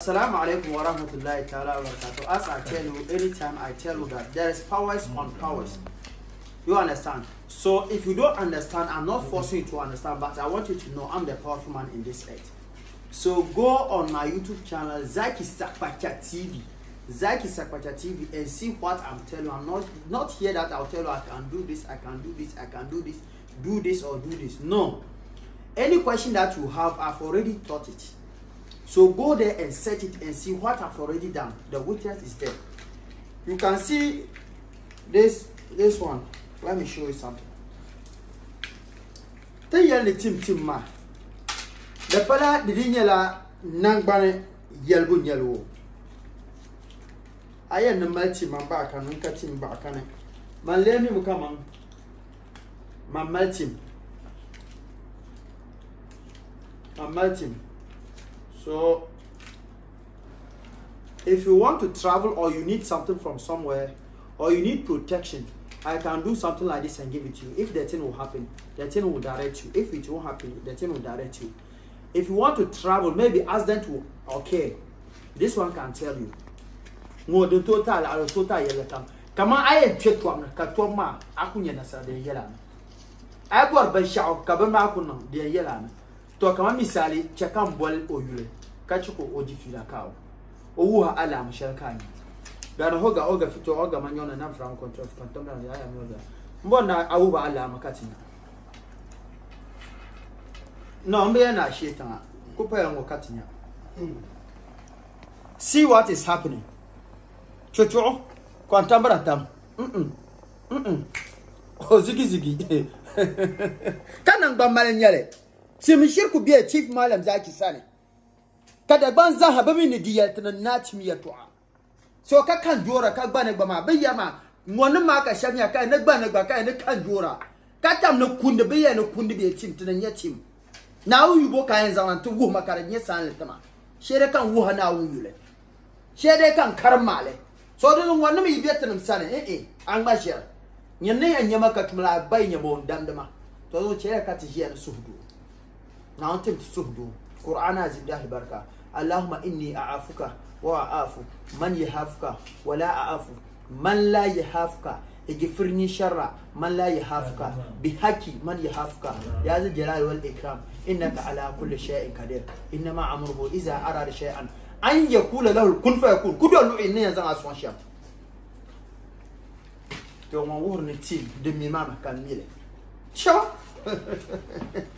Assalamu alaikum wa rahmatullahi ta'ala wa barakatuh. As I tell you, anytime I tell you that there is powers on powers. You understand? So if you don't understand, I'm not forcing you to understand, but I want you to know I'm the powerful man in this earth. So go on my YouTube channel, Zaki Sakpacha TV. Zaki Sakpacha TV and see what I'm telling you. I'm not, not here that I'll tell you I can do this, I can do this, I can do this, do this or do this. No. Any question that you have, I've already taught it. So go there and search it and see what I've already done. The witness is there. You can see this this one. Let me show you something. Te yɛli team, team ma. The pala di di nyɛla nangbani yɛlibu nyɛlibu. A yɛn ni mali tim man baɣa kan n ka tim baɣa kan. Man lee mi mi ka man. Man mali So if you want to travel or you need something from somewhere or you need protection, I can do something like this and give it to you. If the thing will happen, the thing will direct you. If it won't happen, the thing will direct you. If you want to travel, maybe ask them to, okay, this one can tell you. No, the total, the total, yeah, come. Come on, I am check one, Katoma, Akunya, the Yelan. I got Bashao, Kabama, Akuno, the Yelan. to kamar misali cakan bol ka kaci ko oji fila kawo owuha ala musharka ni ga hoga oga fito ma manyo na nan franco control phantom na ya mi oga mbo na awuba ala makati na no mbe na shetan kupa yango katinya see what is happening chocho kwantambara tam mm -mm. mm -mm. ozigizigi kana ngbammale simshir ku biya chief malam zaki sani kada ban za haba diyal diyatna nati ya tu'a so ka kan jora ka gbane gbama ma. Biya ma ma ka shamya kai na gbane gba kai na kan jora ka tam na kundi biya na kundi biya tim tunan ya tim na yubo ka kayan zaman tu wu makara nya san litama shere kan wu na uyu yule. shere kan karmale so dun wani mi biya tunan sani eh eh an ba shere nyanne ya nyama ka tumla bayya bon damdama to zo chere ka tijiyar suhudu نانتم تسهدو قرآن الله بركة اللهم إني أعافك وأعاف من يهافك ولا أعاف من لا يهافك اغفرني شر من لا يهافك بحق من يهافك يا ذا الجلال والإكرام إنك على كل شيء قدير إنما عمره إذا أراد شيئا أن يقول له كن فيكون كدو إني يزن أسوان شام يوم نتيل دمي ماما كان ميلي شو